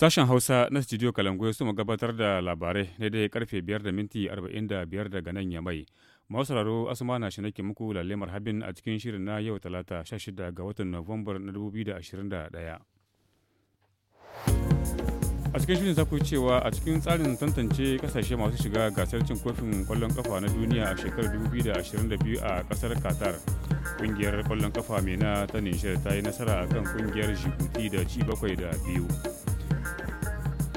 Sashen Hausa na Studio Kalangu su mu gabatar da labarai dai karfe 5 da minti 45 daga nan ya mai. Mausararo Asuma na shi nake muku lalle habin a cikin shirin na yau talata 16 ga watan Nuwambar na 2021. a cikin shirin za ku cewa a cikin tsarin tantance kasashe masu shiga gasar cin kofin kwallon kafa na duniya a shekarar 2022 a kasar qatar kungiyar kwallon kafa mena ta nishir ta yi nasara a kan kungiyar jibuti da ci bakwai da biyu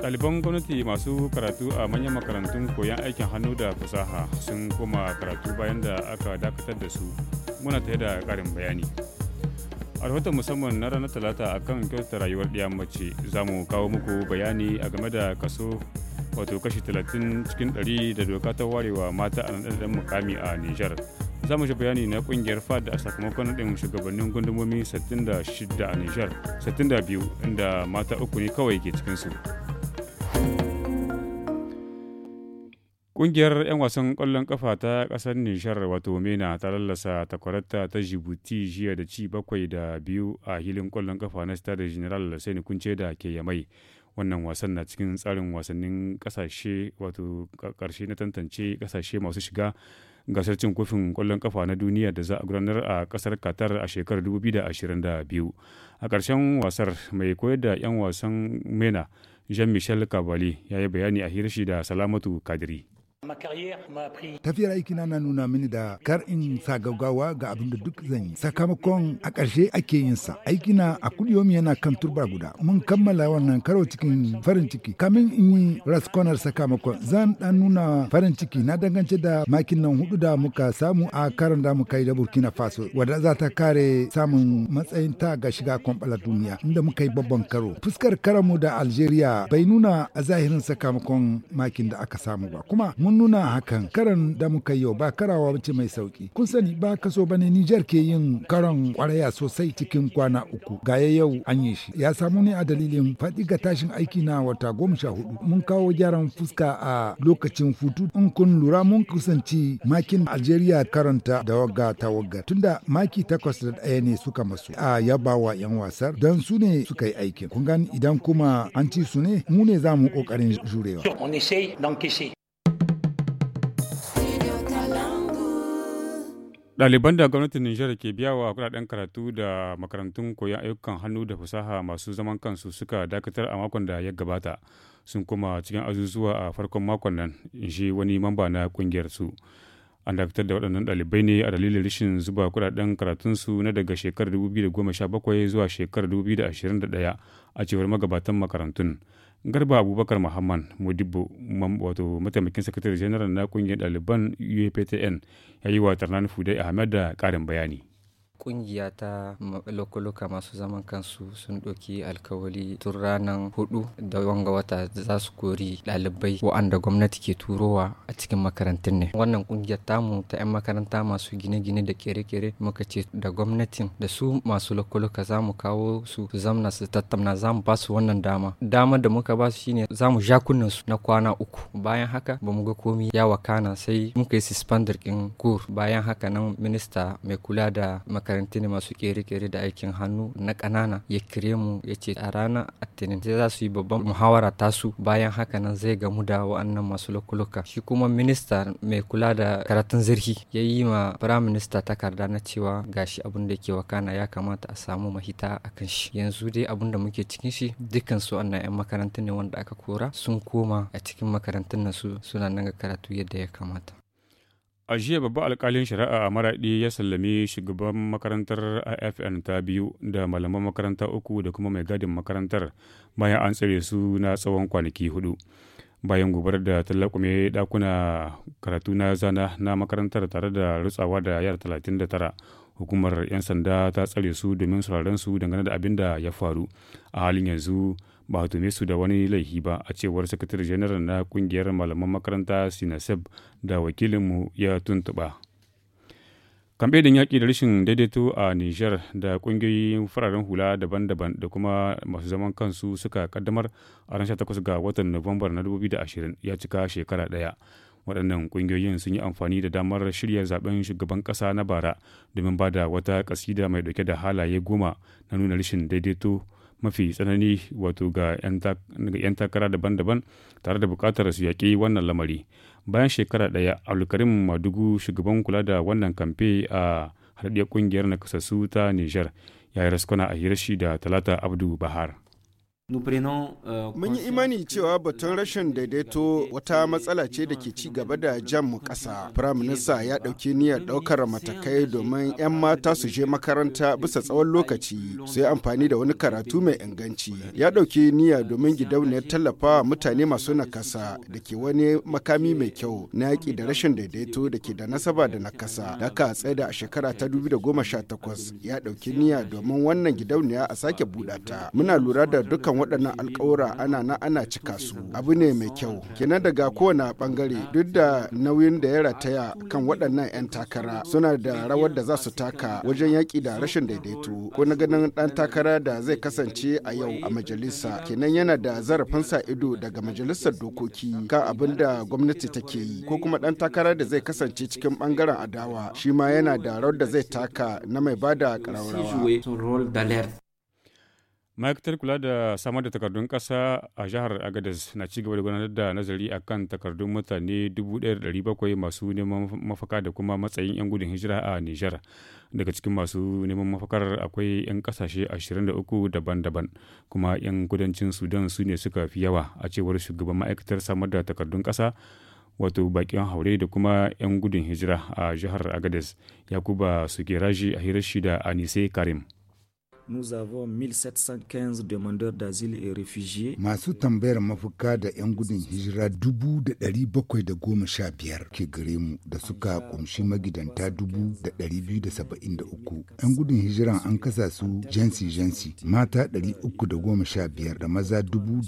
ɗaliban gwamnati masu karatu a manyan makarantun koyon aikin hannu da fasaha sun koma karatu bayan da aka dakatar da su muna tare da ƙarin bayani a rahoton musamman na ranar talata akan kyautar rayuwar ɗiya mace za mu kawo muku bayani a game da kaso wato kashi 30 cikin 100 da doka ta warewa mata a nan mukami a Nijar. Za mu shi bayani na kungiyar FAD a sakamakon ɗin shugabannin gundumomi 66 a Nijar, 62 inda mata uku ne kawai ke cikinsu. Ƙungiyar 'yan wasan ƙwallon ƙafa ta ƙasar Nishar wato Mena ta lallasa takwarata ta jibuti jiya da ci bakwai da biyu a hilin ƙwallon ƙafa na da General Sani Kunce da ke Yamai. Wannan wasan na cikin tsarin wasannin ƙasashe wato ƙarshe na tantance ƙasashe masu shiga gasar cin kofin ƙwallon ƙafa na duniya da za a gudanar a ƙasar Qatar a shekarar 2022. A ƙarshen wasar mai koyar da 'yan wasan Mena Jean-Michel Kabali ya yi bayani a hirashi da Salamatu Kadiri. Tafiyar aiki na nuna mini da kar in sa gaugawa ga abin da duk zan yi. Sakamakon a ƙarshe ake yin sa. aiki na a kuliyomi yana kan turba guda. Mun kammala wannan karo cikin farin ciki. Kamin in yi raskonar sakamakon zan dan nuna farin ciki na dangance da makin nan hudu da muka samu a karon da muka yi da Burkina Faso. Wadda za ta kare samun matsayin ta ga shiga kwamfalar duniya inda muka yi babban karo. Fuskar karamu da Algeria bai nuna a zahirin sakamakon makin da aka samu ba. Kuma mun mun nuna hakan karan da muka yau ba karawa ce mai sauki. Kun sani ba kaso ba ne Nijar ke yin karan kwaraya sosai cikin kwana uku. Ga yau an yi shi. Ya samu ne a dalilin faɗi ga tashin aiki na wata goma sha hudu. Mun kawo gyaran fuska a lokacin futu. In kun lura mun kusanci makin Algeria karanta da wagga ta wagga. Tunda maki takwas da ɗaya ne suka masu. A yabawa 'yan wasar don su ne suka yi aikin. Kun gani idan kuma an ci su ne mu ne za mu ƙoƙarin jurewa. Ɗaliban da gwamnatin Nijar ke biya wa kuɗaɗen karatu da makarantun koyon ayyukan hannu da fasaha masu zaman kansu suka dakatar a makon da ya gabata sun kuma cikin azuzuwa a farkon makon nan in shi wani mamba na ƙungiyar su. An dakatar da waɗannan ɗalibai ne a dalilin rashin zuba kuɗaɗen karatunsu na daga shekarar bakwai zuwa shekarar 2021 a cewar magabatan makarantun. garba abubakar muhammad modibo wato mataimakin sakatare janar na kungiyar ɗaliban uaptn ya yi wa tarnan fudai ahmed da ƙarin bayani kungiya ta lokuluka masu zaman kansu sun ɗauki alkawali tun ranar hudu da wanga wata za su kori ɗalibai wa'anda gwamnati ke turowa a cikin makarantun ne wannan kungiyar tamu ta 'yan makaranta masu gine-gine da kere-kere muka ce da gwamnatin da su masu lokuluka za mu kawo su zamna su tattauna za mu ba su wannan dama dama da muka ba su shine za mu ja su na kwana uku bayan haka ba mu ga komi ya wakana sai muka yi suspender kin kur bayan haka nan minista mai kula da makarantun karantini masu kere-kere da aikin hannu na kanana ya kire mu ya ce a rana atinin sai za su yi babban muhawara tasu bayan haka nan zai gamu da wa'annan masu lokuluka shi kuma minista mai kula da karatun zirhi ya yi ma firayim minista takarda na cewa gashi abin da ke wakana ya kamata a samu mahita a kan shi yanzu dai abin da muke cikin shi dukkan su wannan 'yan makarantun ne wanda aka kora sun koma a cikin makarantun nasu suna nan ga karatu yadda ya kamata a jiya babba alkalin shari'a a maraɗi ya sallami shugaban makarantar afn ta biyu da malaman makaranta uku da kuma mai gadin makarantar bayan an tsare su na tsawon kwanaki hudu bayan gobar da tallakume dakuna karatu na zana na makarantar tare da rutsawa da yara talatin da tara hukumar 'yan sanda ta tsare su domin sauraron su dangane da abin da ya faru a halin yanzu ba a tume su da wani laifi ba a cewar sakatar janar na kungiyar malaman makaranta sinaseb da wakilinmu ya tuntuɓa kamfe da yaƙi da rashin daidaito a niger da ƙungiyoyin fararen hula daban-daban da kuma masu zaman kansu suka kaddamar a ran 18 ga watan nuwambar na 2020 ya cika shekara ɗaya waɗannan ƙungiyoyin sun yi amfani da damar shirya zaben shugaban ƙasa na bara domin ba da wata ƙasida mai ɗauke da halaye goma na nuna rashin daidaito mafi tsanani wato ga 'yan takara daban-daban tare da bukatar su yaƙi wannan lamari bayan shekara ɗaya alkarim madugu shugaban kula da wannan kamfe a haɗaɗɗiyar ƙungiyar nakasassu ta niger ya yi a a shi da talata abdu bahar Э, Mun yi imani cewa batun rashin daidaito wata matsala ce da ke ci gaba da jan mu ƙasa. Firaminista ya ɗauki niyyar ɗaukar matakai domin 'yan mata su je makaranta bisa tsawon lokaci su yi amfani da wani karatu mai inganci. Ya ɗauki niyya domin gidauniyar tallafa wa mutane masu nakasa da ke wani makami mai kyau na yaƙi da rashin daidaito da ke da nasaba da nakasa. Da aka tsaida a shekara ta takwas ya ɗauki niyya domin wannan gidauniya a sake buɗata. Muna lura da dukkan dukkan waɗannan alƙawura ana na ana cika su abu ne mai kyau kenan daga kowane bangare duk da nauyin da ya rataya kan waɗannan 'yan takara suna da rawar da za su taka wajen yaƙi da rashin daidaito ko na ganin ɗan takara da zai kasance a yau a majalisa kenan yana da zarafin sa ido daga majalisar dokoki kan abin da gwamnati take yi ko kuma ɗan takara da zai kasance cikin bangaren adawa shi ma yana da rawar da zai taka na mai bada ƙararrawa. ma'aikatar kula da samar da takardun ƙasa a jihar agadez na ci gaba da gudanar da nazari a kan takardun mutane 1,700 masu neman mafaka da kuma matsayin 'yan gudun hijira a nijar daga cikin masu neman mafakar akwai 'yan kasashe 23 daban-daban kuma 'yan kudancin sudan su ne suka fi yawa a cewar shugaban ma'aikatar samar da takardun ƙasa wato bakin haure da kuma 'yan gudun hijira a jihar agadez yakuba sukeraji a hirar shida a anise karim nous avons 1715 demandeurs d'asile et réfugiés. Masu tambayar mafuka da 'yan gudun hijira da biyar ke gare mu da suka kumshi magidanta uku. 'Yan gudun hijiran an kasa su jansi-jansi mata 315 da maza hudu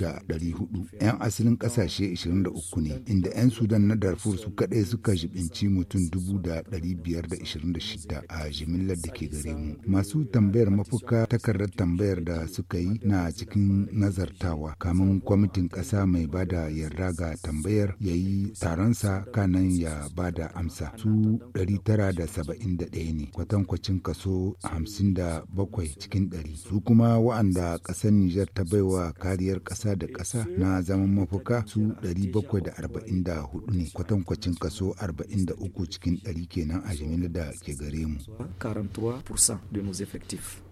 'Yan asalin kasashe 23 ne inda 'yan Sudan na Darfur su kaɗai suka jibinci mutum 526 a jimillar da ke gare mu. Masu tambayar mafuka takardar tambayar da suka yi na cikin nazartawa kamun kwamitin ƙasa mai bada yarda ga tambayar ya yi taronsa kanan ya bada amsa su 971 ne kwatankwacin kaso 57 cikin 100 su kuma wa'anda ƙasar Nijar ta baiwa kariyar ƙasa da ƙasa na zaman mafuka su 744 ne kwatankwacin kaso 43 cikin 100 kenan a jimila da ke gare mu. 43% de nos effectifs.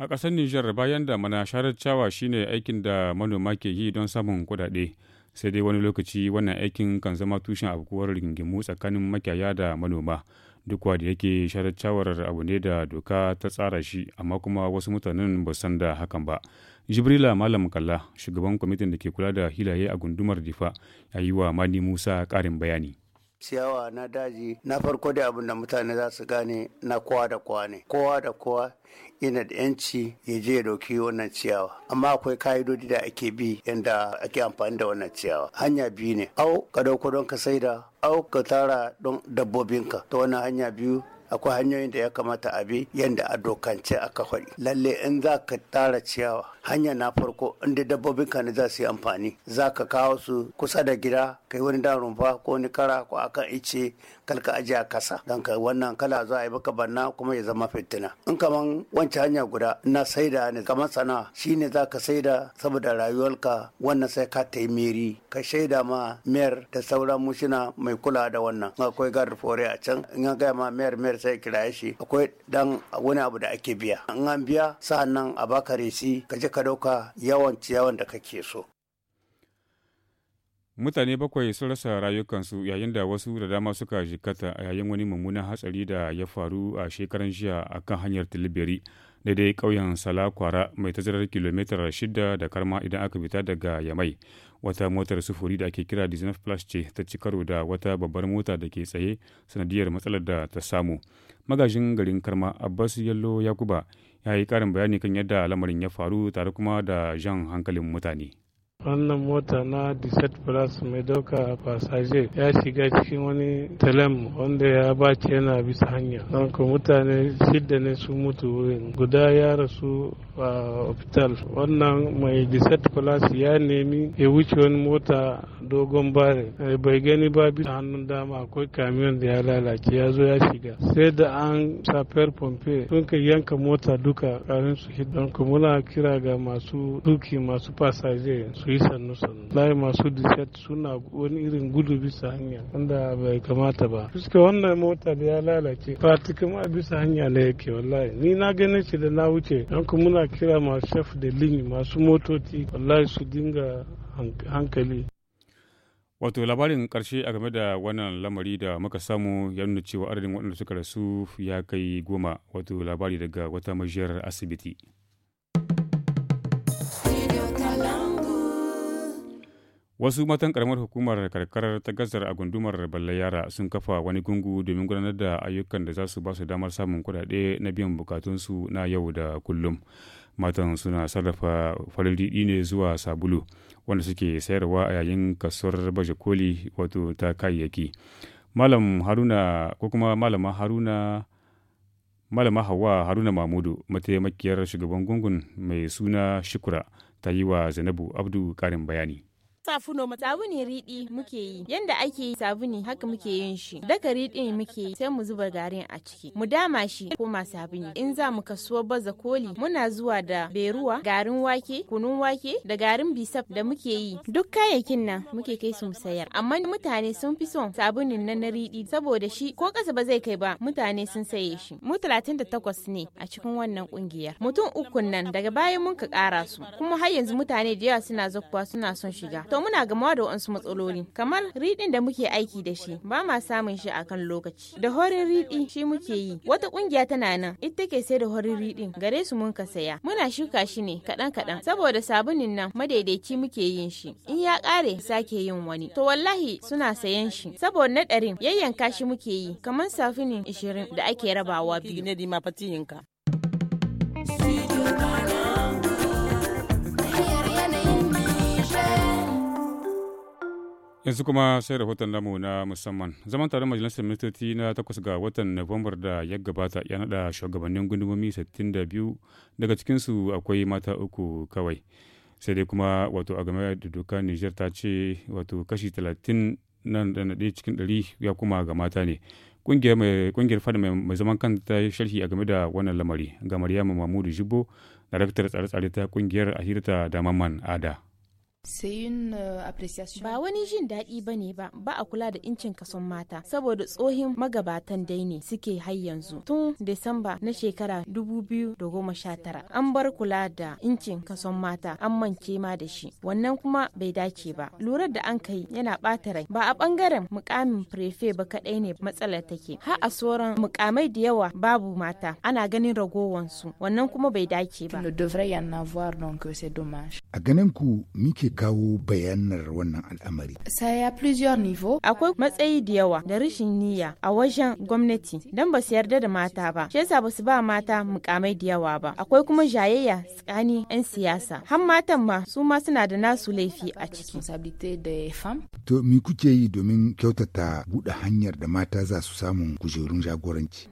A ƙasar Nijar bayan da mana sharar cawa shine aikin da manoma ke yi don samun kuɗaɗe. Sai dai wani lokaci wannan aikin kan zama tushen abubuwar rigingimu tsakanin makiyaya da manoma. Duk da yake sharar abu ne da doka ta tsara shi amma kuma wasu mutanen ba san da hakan ba. Jibrila Malam Kalla, shugaban kwamitin da ke kula da hilaye a gundumar Difa, ya yi wa Mani Musa ƙarin bayani. ciyawa na daji na farko da abin da mutane za su gane na kowa da kowa ne kowa da kowa yana da yanci ya je ya dauki wannan ciyawa amma akwai ka'idodi da ake bi yadda ake amfani da wannan ciyawa hanya biyu ne au ka dauko don ka saida au ka tara don dabbobinka ta wannan hanya biyu akwai hanyoyin da ya kamata a bi yadda a dokance aka faɗi lalle in za ka tara ciyawa hanya na farko inda dabbobin ka ne za su yi amfani za ka kawo su kusa da gida kai wani dan rumfa ko wani kara ko akan ice kalka aje a kasa don ka wannan kala za a yi baka banna kuma ya zama fitina in kaman wance hanya guda na saida ne kamar shi shine za ka saida saboda rayuwar ka wannan sai ka ta miri ka shaida ma mer da sauran mushina mai kula da wannan akwai gar fore a can in ga ma mer mer. sai kira shi akwai dan wani abu da ake biya in an biya sa'annan a baka resi ka je ka dauka yawan ciyawan da kake so mutane bakwai sun rasa rayukansu yayin da wasu da dama suka jikata a yayin wani mummunan hatsari da ya faru a shekaran jiya akan hanyar tilibiri daidai ƙauyen salakwara mai tazarar kilomitar shida da karma idan aka fita daga yamai wata motar sufuri da ake kira disney plus ce ta ci karo da wata babbar mota da ke tsaye sanadiyar matsalar da ta samu magajin garin karma abbas yallo yakuba ya yi ƙarin bayani kan yadda lamarin ya faru tare kuma da jan hankalin mutane wannan mota na desert plus mai dauka fasaje ya shiga cikin wani telem wanda ya bace yana bisa hanya don mutane shidda ne su mutu wurin guda ya rasu a hospital wannan mai disat plus ya nemi ya wuce wani mota dogon bare eh, bai gani ba bi hannun dama akwai kamiyon da ya lalace ya zo ya shiga sai da an safiyar pompe sun ka yanka mota duka karin su hidon ku muna kira ga masu duki masu fasaje su yi sannu sannu layi masu disat suna wani irin gudu bisa hanya wanda bai kamata ba fuska wannan mota da ya lalace fatikama bisa hanya ne yake wallahi ni na gani shi da na wuce don ku muna kira ma chef da lin masu motoci wallahi su dinga hankali wato labarin karshe a game da wannan lamari da muka samu ya nuna cewa adadin waɗanda suka rasu ya kai goma wato labari daga wata majiyar asibiti Wasu matan karamar hukumar karkarar ta gazar a gundumar Balle Yara sun kafa wani gungu domin gudanar da ayyukan da za su ba su damar samun kudade na biyan bukatunsu na yau da kullum. Matan suna sarrafa falidi ne zuwa sabulu wanda suke sayarwa a yayin kasuwar baje koli wato ta kayayyaki. Malam Haruna ko kuma Malama Haruna Malama Hawa Haruna Mamudu mataimakiyar shugaban gungun mai suna Shukura ta yi wa Zainabu Abdu karin bayani. Safuno ma sabuni riɗi muke yi. Yanda ake yi sabuni haka muke yin shi. Daka riɗin muke yi sai mu zuba garin a ciki. Mu dama shi ma sabuni. In za mu kasuwa baza koli muna zuwa da beruwa, garin wake, kunun wake da garin bisaf da muke yi. Duk kayayyakin nan muke kai su mu sayar. Amma mutane sun fi son sabunin nan na riɗi saboda shi ko kasa ba zai kai ba mutane sun saye shi. Mu 38 ne a cikin wannan kungiyar. Mutum ukun nan daga bayan mun ka ƙara su. Kuma har yanzu mutane da yawa suna zakkuwa suna son shiga. to muna gamawa da wasu matsaloli kamar riɗin da muke aiki da shi ba ma samun shi a kan lokaci da horin riɗi shi muke yi wata ƙungiya tana nan ita take sai da horin riɗin gare su mun ka saya muna shuka shi ne kaɗan kaɗan saboda sabunin nan madaidaici muke yin shi in ya ƙare sake yin wani to wallahi suna sayan shi saboda na ɗarin yayyanka shi muke yi kamar safinin ishirin da ake rabawa biyu. yanzu kuma sai rahoton namu na musamman zaman taron majalisar ministoci na takwas ga watan nuwambar da ya gabata ya nada shugabannin gundumomi 62 daga cikinsu akwai mata uku kawai sai dai kuma wato a game da doka niger ta ce wato kashi 30 nan da naɗe cikin ɗari ya kuma ga mata ne ƙungiyar fada mai zaman kanta ta sharhi a game da wannan lamari ga maryama mamudu jibo daraktar tsare-tsare ta ƙungiyar ahirta da mamman ada Eh, ba wani jin daɗi ba ba, ba a kula da incin kason mata, saboda tsohin magabatan dai ne suke har yanzu. Tun Desamba na shekara 2019 an bar kula da incin kason mata an mance ma da shi, wannan kuma bai dace ba. Lurar da an kai yana ɓata rai, ba a ɓangaren mukamin prefe ba kaɗai ne matsalar take. Har a sauran mukamai da yawa babu mata, ana ganin ragowansu, wannan kuma bai dace ba. A ganin ku muke kawo bayanar wannan al'amari. Saya plusieurs nivo akwai matsayi da yawa da rashin niyya a wajen gwamnati don ba su yarda da mata ba. Shi yasa ba su ba mata mukamai da yawa ba. Akwai kuma jayayya tsakanin 'yan siyasa. Har matan ma su ma suna da nasu laifi a ciki. To me kuke yi domin kyautata buɗe hanyar da mata za su samu kujerun jagoranci?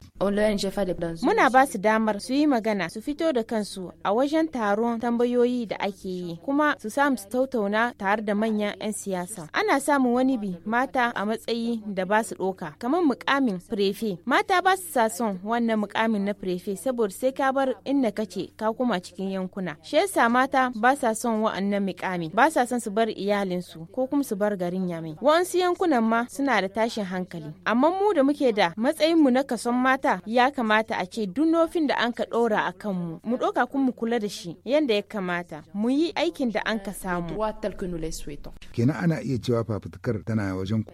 Muna ba su damar su yi magana su fito da kansu a wajen taron tambayoyi da ake yi kuma su samu su tattauna tare da manyan 'yan siyasa. Ana samun wani bi mata a matsayi da ba su ɗoka, kamar mukamin prefe. Mata ba su sason wannan mukamin na prefe saboda sai ka bar inda kace ka kuma cikin yankuna. Shi yasa mata ba sa son wa'annan mukami, ba sa son su bar iyalinsu ko kuma su bar garin Yamai. Wa'ansu yankunan ma suna da tashin hankali. Amma mu da muke da matsayinmu na kason mata ya kamata a ce duk da an ka ɗora a kanmu, mu ɗoka kuma mu kula da shi yadda ya kamata, mu yi aikin da an ka samu. droits que nous les souhaitons. Kenan ana iya cewa fafutukar tana wajen ku.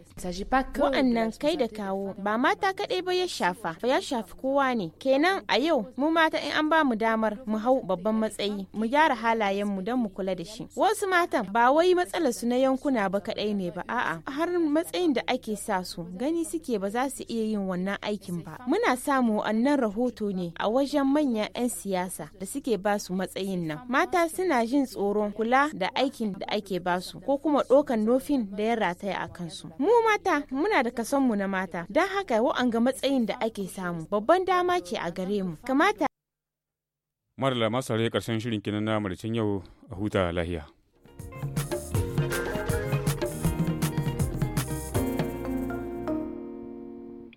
Wa'annan kai da kawo ba mata kaɗai ba ya shafa, ba ya shafi kowa ne. Kenan a yau mu mata in an ba mu damar mu hau babban matsayi, mu gyara halayenmu don mu kula da shi. Wasu matan ba wai matsalar su na yankuna ba kaɗai ne ba, a'a har matsayin da ake sa su gani suke ba za su iya yin wannan aikin ba. Muna samu wannan rahoto ne a wajen manyan 'yan siyasa da suke ba su matsayin nan. Mata suna jin tsoron kula da aikin da ake basu ko kuma ɗokan nofin da ya rataya a kansu. Mu mata muna da kasonmu na mata don haka ga matsayin da ake samu babban dama ce a gare mu. Kamata. Mara lamasa karshen shirin kinan na yau a huta lahiya.